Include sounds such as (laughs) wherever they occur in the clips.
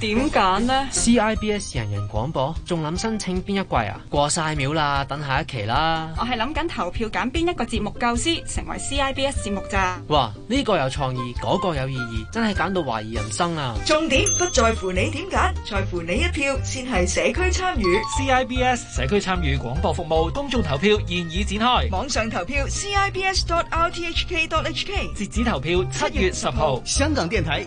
點揀呢？C I B S 人人廣播仲諗申請邊一季啊？過晒秒啦，等下一期啦。我係諗緊投票揀邊一個節目教師成為 C I B S 節目咋？哇！呢個有創意，嗰個有意義，真係揀到懷疑人生啊！重點不在乎你點揀，在乎你一票先係社區參與。C I B S 社區參與廣播服務公眾投票現已展開，網上投票 c i b s dot r t h k dot h k，截止投票七月十號。香港電台。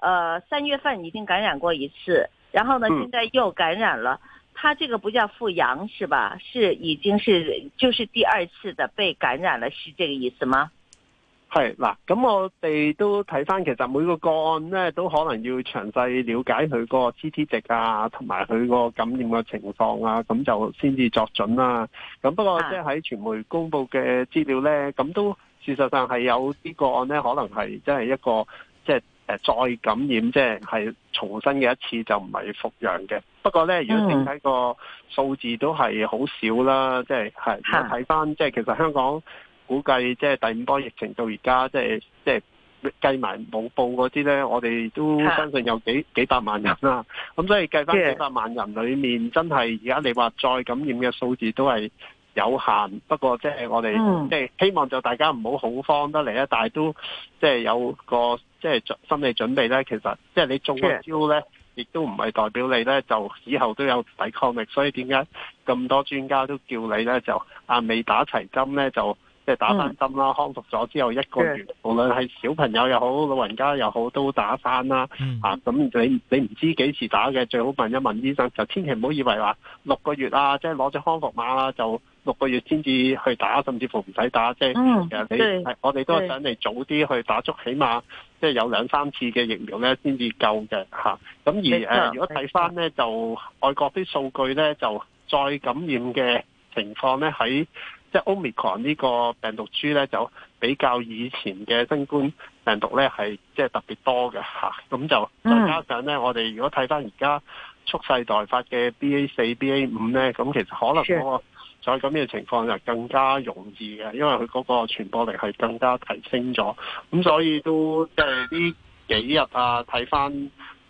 呃，三月份已經感染過一次，然後呢，現在又感染了。他、嗯、這個不叫復陽，是吧？是已經是就是第二次的被感染了，是這個意思嗎？係嗱，咁我哋都睇翻，其實每個個案呢，都可能要詳細了解佢個 CT 值啊，同埋佢個感染嘅情況啊，咁就先至作準啦、啊。咁不過即係喺傳媒公布嘅資料呢，咁、啊、都事實上係有啲個案呢，可能係即係一個。再感染即係，係重新嘅一次就唔係復陽嘅。不過呢，如果整體個數字都係好少啦，嗯、即係係。睇翻即係其實香港估計即係第五波疫情到而家，即係即係計埋冇報嗰啲呢，我哋都相信有幾幾百萬人啦。咁、嗯、所以計翻幾百萬人裏面，真係而家你話再感染嘅數字都係有限，不過即係我哋即、嗯就是、希望就大家唔好好慌得嚟，但係都即係有個即係心理準備咧。其實即係你中一招咧，亦都唔係代表你咧就以後都有抵抗力。所以點解咁多專家都叫你咧就啊未打齊針咧就即係、就是、打翻針啦。嗯、康復咗之後一個月，是無論係小朋友又好，老人家又好，都打翻啦。嗯、啊咁你你唔知幾時打嘅，最好問一問醫生。就千祈唔好以為話六個月啊，即係攞隻康復碼啦就。六個月先至去打，甚至乎唔使打，即、嗯、係其實你係我哋都想嚟早啲去打足，起碼即係有兩三次嘅疫苗咧，先至夠嘅吓。咁而如果睇翻咧，就外國啲數據咧，就再感染嘅情況咧，喺即係 Omicron 呢個病毒株咧，就比較以前嘅新冠病毒咧係即係特別多嘅吓。咁就再加上咧，我哋如果睇翻而家蓄勢待發嘅 BA 四 BA 五咧，咁其實可能個。所以咁樣嘅情況就更加容易嘅，因為佢嗰個傳播力係更加提升咗。咁所以都即係呢幾日啊，睇翻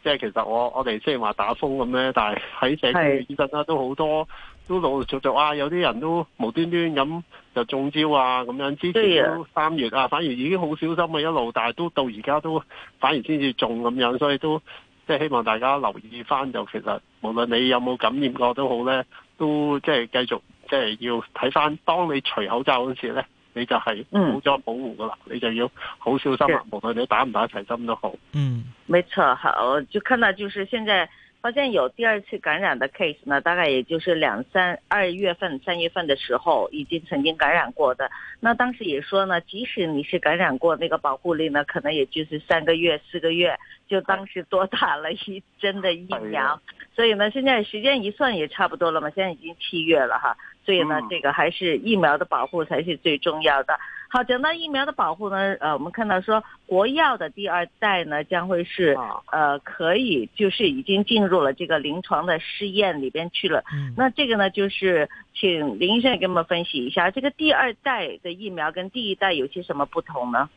即係其實我我哋即然雖然話打風咁咧，但係喺社區依陣啦都好多都陸陸續續啊，有啲人都無端端咁就中招啊咁樣。之前三月啊，反而已經好小心嘅一路，但係都到而家都反而先至中咁樣，所以都即係希望大家留意翻，就其實無論你有冇感染過都好咧，都即係繼續。即係要睇翻，當你除口罩嗰時咧，你就係冇咗保護噶啦、嗯，你就要好小心啦。無論你打唔打齊針都好。嗯，沒錯，好就看到就是現在發現有第二次感染的 case 呢，大概也就是兩三二月份、三月份的時候已經曾經感染過的。那當時也說呢，即使你是感染過，那個保護力呢，可能也就是三個月、四個月，就當時多打了一針的疫苗。所以呢，現在時間一算也差不多了嘛，現在已經七月了哈。所以呢，這個還是疫苗的保護才是最重要的。好，講到疫苗的保護呢，呃，我們看到說國藥的第二代呢將會是，啊，呃可以就是已經進入了這個臨床的試驗裏邊去了，嗯。那這個呢，就是請林醫生也給我們分析一下，這個第二代的疫苗跟第一代有些什麼不同呢？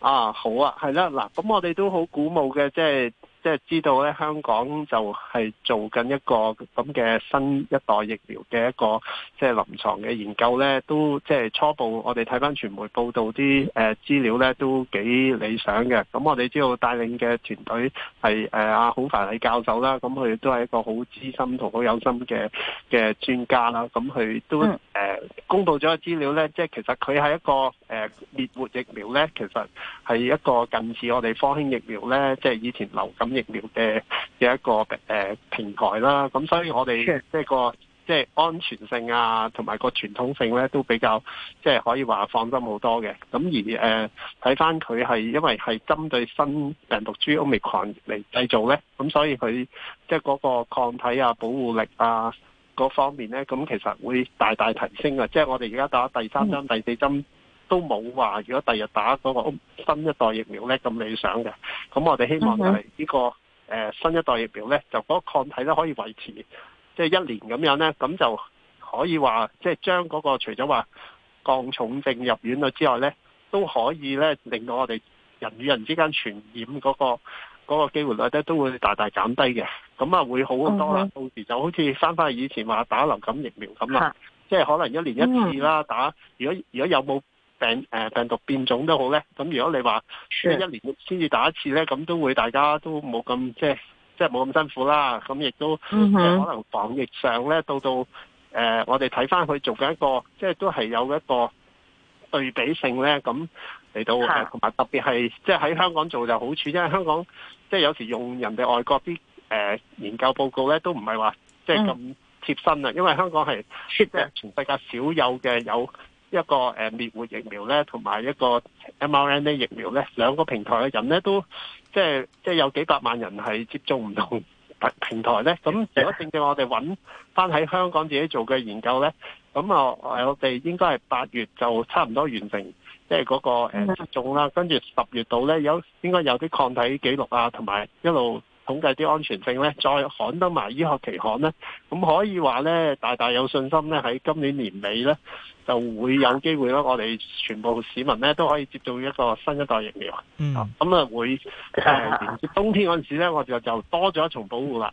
啊，好啊，係啦，嗱，咁我哋都好鼓舞嘅，即即係知道咧，香港就係做緊一個咁嘅新一代疫苗嘅一個即係臨床嘅研究咧，都即係初步，我哋睇翻傳媒報道啲誒資料咧，都幾理想嘅。咁我哋知道帶領嘅團隊係誒阿孔凡禮教授啦，咁佢都係一個好資深同好有心嘅嘅專家啦，咁佢都。嗯誒，公布咗嘅資料咧，即係其實佢係一個誒滅活疫苗咧，其實係一個近似我哋科興疫苗咧，即係以前流感疫苗嘅嘅一個誒平台啦。咁所以我哋即係個即係安全性啊，同埋個傳統性咧，都比較即係可以話放心好多嘅。咁而誒睇翻佢係因為係針對新病毒株 omicron 嚟製造咧，咁所以佢即係嗰個抗體啊，保護力啊。嗰方面咧，咁其實會大大提升啊！即、就、係、是、我哋而家打第三針、第四針都冇話，如果第日打嗰個新一代疫苗咧咁理想嘅。咁我哋希望就係呢、這個誒、呃、新一代疫苗咧，就嗰抗體都可以維持即係、就是、一年咁樣咧，咁就可以話即係將嗰、那個除咗話降重症入院咗之外咧，都可以咧令到我哋人與人之間傳染嗰、那個嗰、那個機會率咧都會大大減低嘅，咁啊會好好多啦。Mm -hmm. 到時就好似翻翻以前話打流感疫苗咁啦，mm -hmm. 即係可能一年一次啦打。如果如果有冇病、呃、病毒變種都好咧，咁如果你話一年先至打一次咧，咁、mm -hmm. 都會大家都冇咁即係即係冇咁辛苦啦。咁亦都、mm -hmm. 可能防疫上咧，到到誒、呃、我哋睇翻佢做緊一個，即係都係有一個對比性咧咁。嚟到，同埋特別係即係喺香港做就好處，因為香港即係、就是、有時用人哋外國啲誒、呃、研究報告咧，都唔係話即係咁貼身啊。因為香港係即、就是、全世界少有嘅有一個誒滅、呃、活疫苗咧，同埋一個 mRNA 疫苗咧，兩個平台嘅人咧都即係即係有幾百萬人係接種唔同平台咧。咁如果正正我哋搵翻喺香港自己做嘅研究咧，咁啊，我哋應該係八月就差唔多完成。即係嗰個誒接種啦，跟住十月度咧有應該有啲抗體記錄啊，同埋一路統計啲安全性咧，再刊登埋醫學期刊咧，咁可以話咧大大有信心咧喺今年年尾咧就會有機會啦，我哋全部市民咧都可以接到一個新一代疫苗，咁啊會誒冬天嗰陣時咧我哋就多咗一重保護啦。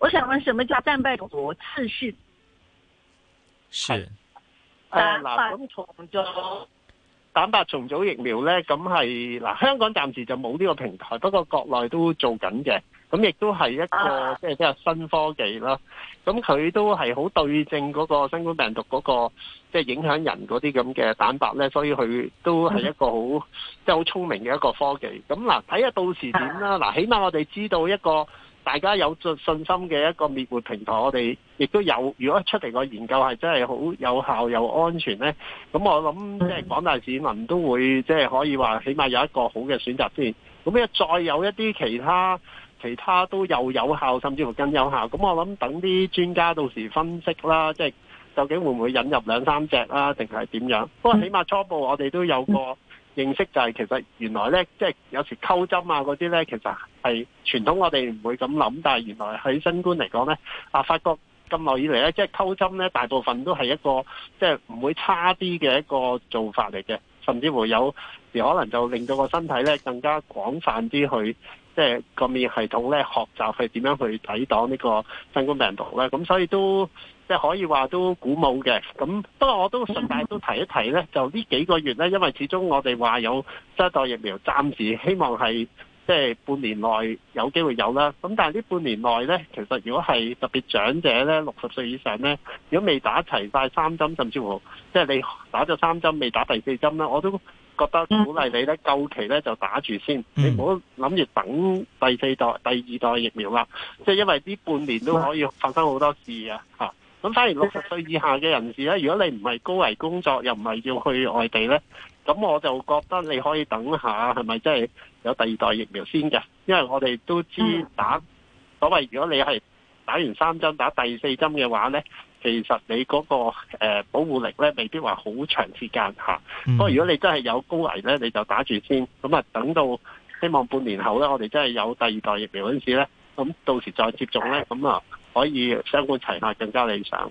我想問什麼叫蛋白組次序？是蛋白組，啊、蛋白重組疫苗呢，咁係嗱，香港暫時就冇呢個平台，不過國內都做緊嘅，咁亦都係一個、啊、即係比較新科技啦。咁佢都係好對症嗰個新冠病毒嗰、嗰個即係、就是、影響人嗰啲咁嘅蛋白呢，所以佢都係一個好、啊、即係好聰明嘅一個科技。咁嗱，睇下到時點啦。嗱、啊，起碼我哋知道一個。大家有信心嘅一個滅活平台，我哋亦都有。如果出嚟個研究係真係好有效又安全呢，咁我諗即係廣大市民都會即係可以話，起碼有一個好嘅選擇先。咁咧再有一啲其他其他都有有效，甚至乎更有效。咁我諗等啲專家到時分析啦，即係究竟會唔會引入兩三隻啦，定係點樣？不過起碼初步我哋都有個認識，就係其實原來咧，即係有時溝針啊嗰啲咧，其實係傳統我哋唔會咁諗，但係原來喺新冠嚟講咧，啊發覺咁耐以嚟咧，即係溝針咧，大部分都係一個即係唔會差啲嘅一個做法嚟嘅，甚至乎有時可能就令到個身體咧更加廣泛啲去。即係個免疫系統咧，學習係點樣去抵擋呢個新冠病毒咧？咁所以都即係可以話都鼓舞嘅。咁不過我都順帶都提一提咧，就呢幾個月咧，因為始終我哋話有新一代疫苗，暫時希望係即係半年內有機會有啦。咁但係呢半年內咧，其實如果係特別長者咧，六十歲以上咧，如果未打齊晒三針，甚至乎即係你打咗三針未打第四針呢，我都，覺得鼓勵你咧，夠期咧就打住先，你唔好諗住等第四代、第二代疫苗啦。即係因為呢半年都可以發生好多事啊！吓、啊，咁反而六十歲以下嘅人士咧，如果你唔係高危工作，又唔係要去外地咧，咁我就覺得你可以等下，係咪真係有第二代疫苗先嘅？因為我哋都知、嗯、打所謂，如果你係打完三針打第四針嘅話咧。其實你嗰個誒保護力咧，未必話好長時間嚇。不過、嗯、如果你真係有高危咧，你就打住先。咁啊，等到希望半年後咧，我哋真係有第二代疫苗嗰陣時咧，咁到時再接種咧，咁啊可以相關齊下更加理想。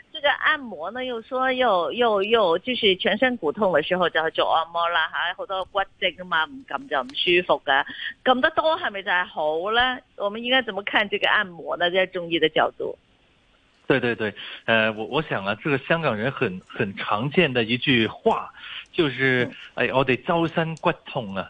這個按摩呢？又說又又又，就是全身骨痛的時候就做按摩啦，吓好多骨症啊嘛，唔撳就唔舒服噶、啊，撳得多係咪就係好呢？我們應該怎麼看這個按摩呢？在、這個、中醫的角度，對對對，呃，我我想啊，這個香港人很很常見的一句話，就是，嗯、哎，我哋周身骨痛啊。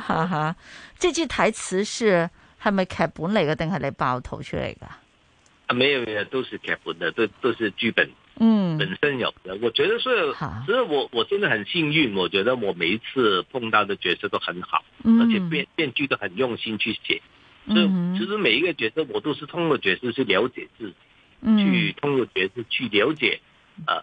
哈哈、啊，這句台詞是係咪劇本嚟嘅，定係你爆肚出嚟噶？啊，沒有，沒有，都是劇本的，都都是劇本。嗯，本身有嘅、嗯，我覺得是，其實我我真的很幸運，我覺得我每一次碰到的角色都很好，嗯、而且編編劇都很用心去寫。所以、嗯、其實每一個角色我都是通過角色去了解自己，嗯，去通過角色去了解呃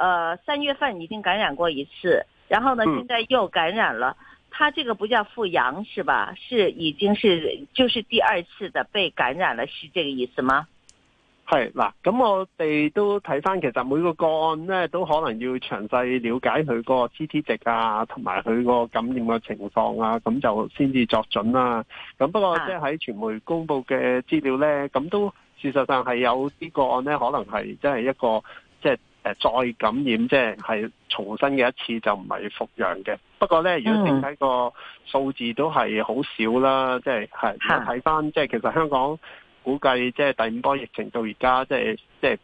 呃，三月份已經感染過一次，然後呢，現在又感染了，他、嗯、這個不叫復陽，是吧？是已經是就是第二次的被感染了，是這個意思嗎？係嗱，咁我哋都睇翻，其實每個個案呢，都可能要詳細了解佢個 C T 值啊，同埋佢個感染嘅情況啊，咁就先至作準啦、啊。咁不過即係喺傳媒公布嘅資料呢，咁、啊、都事實上係有啲個案呢，可能係即係一個。誒，再感染即係重新嘅一次，就唔係復陽嘅。不過咧，如果整體個數字都係好少啦，嗯、即係係。睇翻，即係其實香港估計即係第五波疫情到而家，即係即係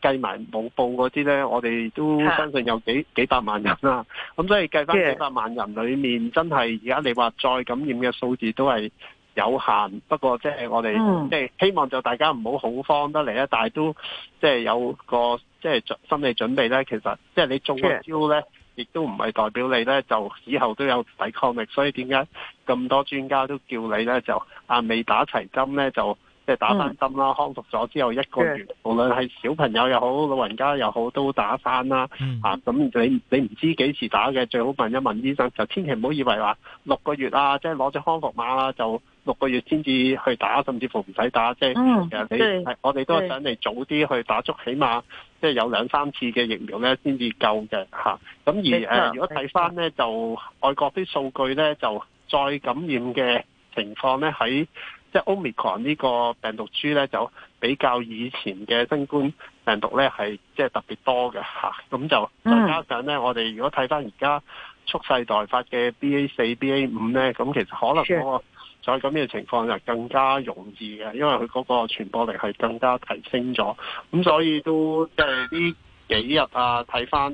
計埋冇報嗰啲咧，我哋都相信有幾幾百萬人啦。咁所以計翻幾百萬人裏面，真係而家你話再感染嘅數字都係。有限，不過即係我哋即、嗯就是、希望就大家唔好恐慌得嚟，但係都即係有個即係心理準備咧。其實即係你中個招咧，亦都唔係代表你咧就以後都有抵抗力。所以點解咁多專家都叫你咧就啊未打齊針咧就即係、就是、打翻針啦。嗯、康復咗之後一個月，是無論係小朋友又好，老人家又好，都打翻啦。嗯、啊咁你你唔知幾時打嘅，最好問一問醫生。就千祈唔好以為話六個月啊，即係攞隻康復碼啦、啊、就。六個月先至去打，甚至乎唔使打，即、嗯、係其實你係我哋都想你早啲去打足，起碼即係有兩三次嘅疫苗咧先至夠嘅嚇。咁而誒，如果睇翻咧，就外國啲數據咧，就再感染嘅情況咧，喺即係 Omicron 呢個病毒株咧，就比較以前嘅新冠病毒咧係即係特別多嘅嚇。咁就再加上咧，我哋如果睇翻而家蓄勢待發嘅 BA 四、BA 五咧，咁其實可能所以咁嘅情況就更加容易嘅，因為佢嗰個傳播力係更加提升咗。咁所以都即係呢幾日啊，睇翻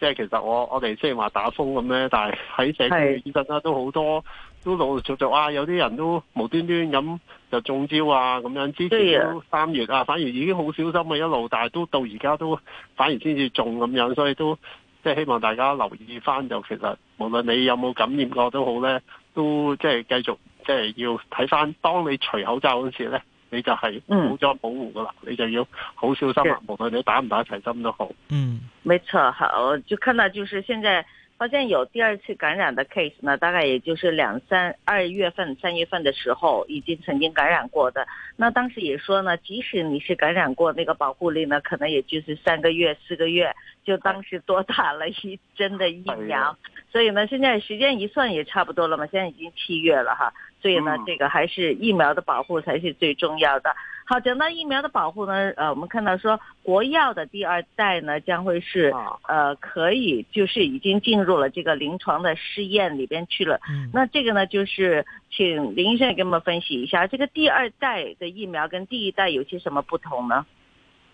即係其實我我哋雖然話打風咁咧，但係喺社區嘅醫生啦都好多都陸陸續續啊，有啲人都無端端咁就中招啊咁樣。之前三月啊，反而已經好小心嘅一路，但係都到而家都反而先至中咁樣，所以都即係希望大家留意翻，就其實無論你有冇感染過都好咧，都即係繼續。即係要睇翻，當你除口罩嗰時咧，你就係冇咗保護噶啦，你就要好小心呀。無論你打唔打齊針都好。嗯，沒錯，好就看到就是現在發現有第二次感染的 case 呢，大概也就是兩三二月份、三月份的時候已經曾經感染過的。那當時也說呢，即使你是感染過，那個保護力呢，可能也就是三個月、四個月。就當時多打了一針的疫苗，所以呢，現在時間一算也差不多了嘛。現在已經七月了哈。所以呢，這個還是疫苗的保護才是最重要的。好，講到疫苗的保護呢，呃，我們看到說國藥的第二代呢將會是呃可以，就是已經進入了這個臨床的試驗裏邊去了。嗯、那這個呢，就是請林醫生也給我們分析一下，這個第二代的疫苗跟第一代有些什麼不同呢？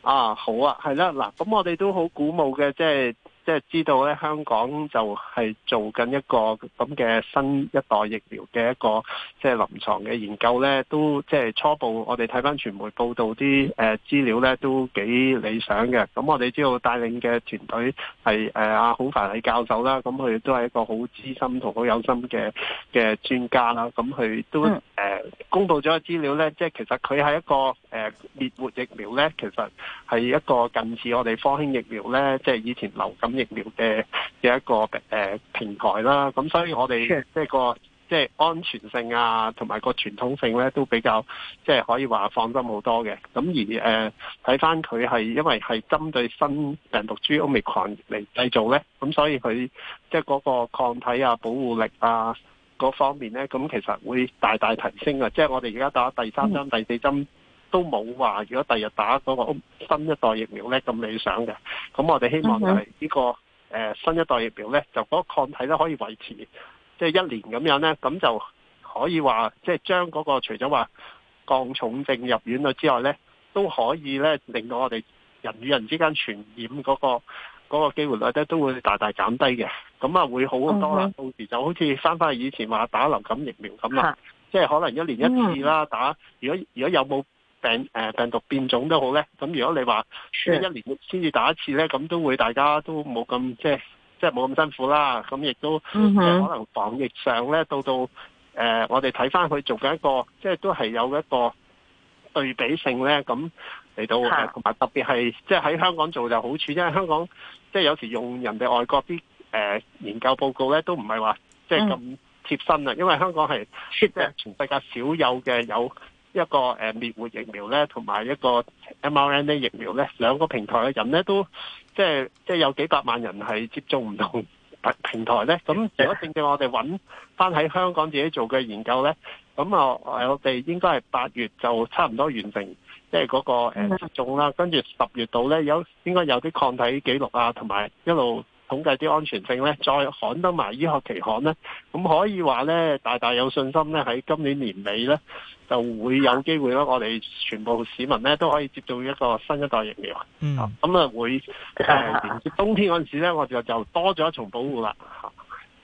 啊，好啊，係啦，嗱，咁我哋都好鼓舞嘅，即係即、就、係、是、知道咧，香港就係做緊一個咁嘅新一代疫苗嘅一個即係臨床嘅研究咧，都即係初步。我哋睇翻傳媒報道啲誒資料咧，都幾理想嘅。咁我哋知道帶領嘅團隊係誒阿孔凡禮教授啦，咁佢都係一個好資深同好有心嘅嘅專家啦。咁佢都誒、嗯呃、公佈咗資料咧，即、就、係、是、其實佢係一個誒、呃、滅活疫苗咧，其實係一個近似我哋科興疫苗咧，即、就、係、是、以前流感。疫苗嘅嘅一個誒平台啦，咁所以我哋即係個即係安全性啊，同埋個傳統性咧都比較即係可以話放心好多嘅。咁而誒睇翻佢係因為係針對新病毒株 Omicron 嚟製造咧，咁所以佢即係嗰個抗體啊、保護力啊嗰方面咧，咁其實會大大提升啊！即係我哋而家打第三針、第四針。都冇話，如果第日打嗰個新一代疫苗咧，咁理想嘅，咁我哋希望就係呢、這個、mm -hmm. 呃、新一代疫苗咧，就嗰個抗體都可以維持即係、就是、一年咁樣咧，咁就可以話即係將嗰、那個除咗話降重症入院率之外咧，都可以咧令到我哋人與人之間傳染嗰、那個嗰、那個機會率咧都會大大減低嘅，咁啊會好好多啦。Mm -hmm. 到時就好似翻返去以前話打流感疫苗咁啦，mm -hmm. 即係可能一年一次啦、mm -hmm. 打。如果如果有冇？病、呃、病毒變種都好咧，咁如果你話即係一年先至打一次咧，咁都會大家都冇咁即係即係冇咁辛苦啦。咁亦都、mm -hmm. 可能防疫上咧，到到、呃、我哋睇翻佢做緊一個，即係都係有一個對比性咧。咁嚟到同埋、yeah. 特別係即係喺香港做就好處，因為香港即係有時用人哋外國啲、呃、研究報告咧，都唔係話即係咁貼身啊，mm -hmm. 因為香港係即係全世界少有嘅有。一個誒滅活疫苗咧，同埋一個 mRNA 疫苗咧，兩個平台嘅人咧都即係即係有幾百萬人係接種唔同平台咧。咁 (laughs) 如果正正我哋搵翻喺香港自己做嘅研究咧，咁啊，我哋應該係八月就差唔多完成即係嗰個誒接種啦。跟住十月度咧，有應該有啲抗體記錄啊，同埋一路。統計啲安全性咧，再刊登埋醫學期刊咧，咁可以話咧，大大有信心咧，喺今年年尾咧，就會有機會咧，我哋全部市民咧都可以接種一個新一代疫苗。嗯，咁啊會誒，冬天嗰陣時咧，我哋就多咗一重保護啦。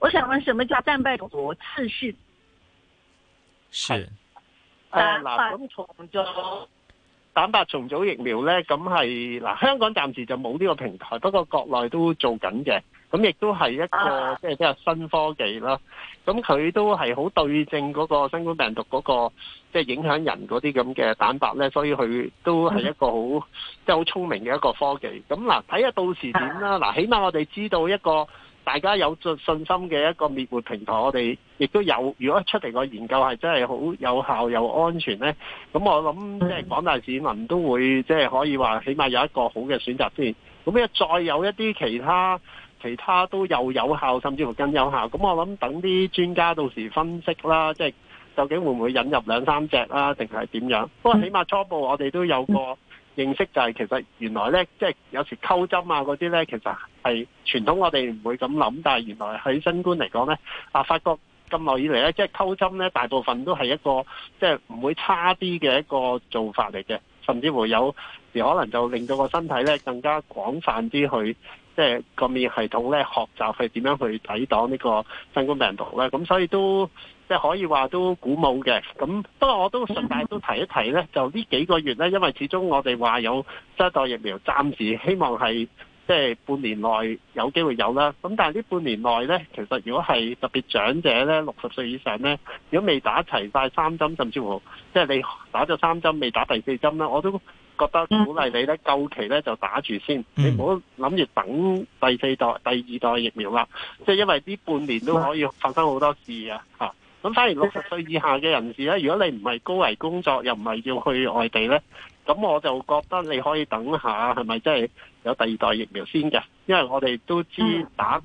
我想問什麼叫蛋白質次序？係嗱咁重組，啊啊啊、蛋白重組疫苗咧，咁係嗱，香港暫時就冇呢個平台，不過國內都做緊嘅，咁亦都係一個即係即係新科技啦。咁佢都係好對症嗰個新冠病毒嗰、嗰個即係、即係、影響人嗰啲咁嘅蛋白咧，所以佢都係一個好即係好聰明嘅一個科技。咁嗱、啊，睇下到時點啦。嗱、啊啊，起碼我哋知道一個。大家有信信心嘅一個滅活平台，我哋亦都有。如果出嚟個研究係真係好有效又安全呢，咁我諗即係廣大市民都會即係可以話，起碼有一個好嘅選擇先。咁一再有一啲其他其他都有有效，甚至乎更有效。咁我諗等啲專家到時分析啦，即係究竟會唔會引入兩三隻啦，定係點樣？不過起碼初步我哋都有個認識就係其實原來咧，即係有時溝針啊嗰啲咧，其實係傳統我哋唔會咁諗，但係原來喺新冠嚟講咧，啊發覺咁耐以嚟咧，即係溝針咧，大部分都係一個即係唔會差啲嘅一個做法嚟嘅，甚至乎有時可能就令到個身體咧更加廣泛啲去。即係個免疫系統咧，學習係點樣去抵擋呢個新冠病毒咧，咁所以都即係可以話都鼓舞嘅。咁不過我都順帶都提一提咧，就呢幾個月咧，因為始終我哋話有新一代疫苗，暫時希望係即係半年內有機會有啦。咁但係呢半年內咧，其實如果係特別長者咧，六十歲以上咧，如果未打齊晒三針，甚至乎即係你打咗三針未打第四針啦，我都覺得鼓勵你咧，夠期咧就打住先，你唔好諗住等第四代、第二代疫苗啦。即係因為呢半年都可以發生好多事啊！嚇，咁反而六十歲以下嘅人士咧，如果你唔係高危工作，又唔係要去外地咧，咁我就覺得你可以等下，係咪真係有第二代疫苗先嘅？因為我哋都知打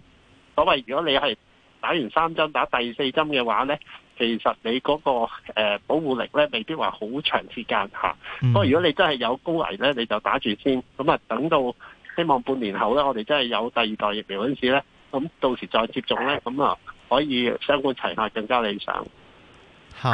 所謂，如果你係打完三針打第四針嘅話咧。其實你嗰個誒保護力咧，未必話好長時間吓。不、嗯、過如果你真係有高危咧，你就打住先。咁啊，等到希望半年後咧，我哋真係有第二代疫苗嗰陣時咧，咁到時再接種咧，咁啊可以相關齊下更加理想吓。